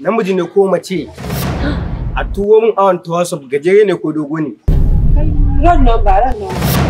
namiji ne ko mace a tuwo mun awon tuwa gajere ne ko dogo ne wannan ba ran nan